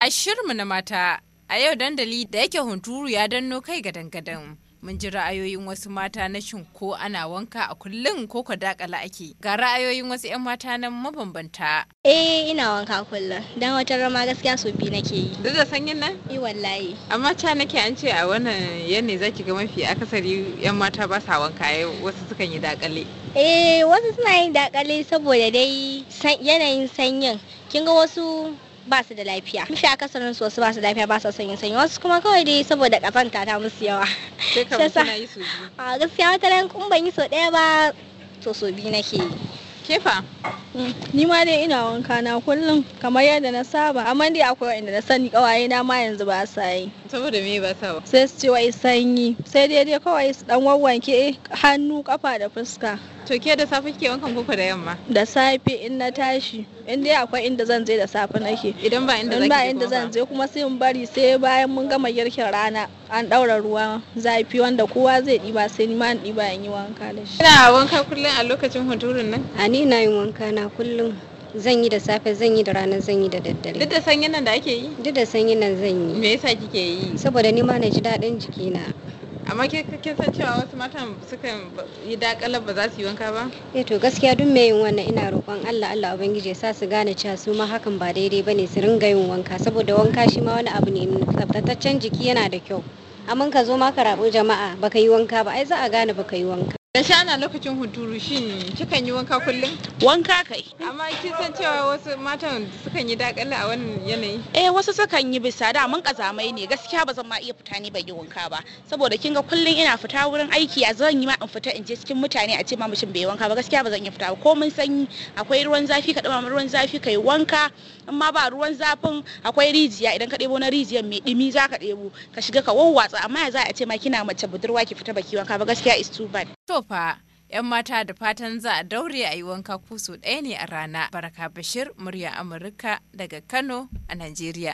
A shirmu na mata, a yau dandali da yake hunturu ya danno kai gadan-gadan. Mun ji ra'ayoyin wasu mata na shin ko ana wanka a kullum ko ko dakala ake. Ga ra'ayoyin wasu 'yan mata nan mabambanta. Eh ina wanka kullum don wata rama gaskiya so bi nake yi. Duk da sanyin nan? Eh wallahi. Amma ta nake an ce a wannan yanne zaki ga mafi akasari 'yan mata ba sa wanka wasu sukan yi dakale. Eh wasu suna yin dakale saboda dai yanayin sanyin. Kin ga wasu ba su da lafiya mafi akasarin su wasu ba su lafiya ba su sanyi sanyi wasu kuma kawai dai saboda kafan ta musu yawa sai kamar yi su biyu a gaskiya wata ran kun ban yi so ɗaya ba to so biyu nake yi kefa mm, ni ma dai ina wanka na kullum kamar yadda na saba amma dai akwai wanda na sani kawai na ma yanzu ba sa yi saboda me ba sa ba sai su ce wai sanyi sai dai dai kawai su dan wawwanke hannu kafa da fuska To ke da safe kike wankan koko da yamma? Da safe in na tashi. In dai akwai inda zan je da safe nake. Idan ba inda zan ba inda zan je kuma sai in bari sai bayan mun gama girkin rana an daura ruwa zafi wanda kowa zai ɗiba sai ni ma in ɗiba in yi wanka da shi. Ina wanka kullum a lokacin hunturun nan? A ni na yin wanka na kullum. zan yi da safe zan yi da rana zan yi da daddare duk da sanyin nan da ake yi duk da sanyin nan zan yi me yasa kike yi saboda ni ma na ji daɗin jikina amma kin san cewa wasu matan suka yi dakalar ba za su yi wanka ba eh to gaskiya duk mai yin wannan ina roƙon Allah Allah ubangiji ya sa su gane cewa su ma hakan ba daidai bane su ringa yin wanka saboda wanka shi ma wani abu ne tsaftataccen jiki yana da kyau amma ka zo ma ka rabu jama'a baka yi wanka ba ai za a gane baka yi wanka Da shana lokacin hunturu shin kikan yi wanka kullum? Wanka kai. Amma kin san cewa wasu matan sukan yi dakalla a wannan yanayi? Eh wasu sukan yi bisa da mun kazamai ne gaskiya ba zan ma iya fita ni ban yi wanka ba saboda kin ga kullum ina fita wurin aiki a zan yi ma in fita in je cikin mutane a ce ma mutum bai wanka ba gaskiya ba zan iya fita ba ko mun sanyi akwai ruwan zafi ka dama ruwan zafi ka yi wanka in ma ba ruwan zafin akwai rijiya idan ka ɗebo na rijiyar mai dumi za ka ɗebo ka shiga ka wawwatsa amma ya za a ce ma kina mace budurwa ki fita baki wanka ba gaskiya is too bad. To ‘yan mata da fatan za a daure a yi wanka kusu ɗaya ne a rana. Baraka Bashir, murya Amurka daga Kano a Najeriya.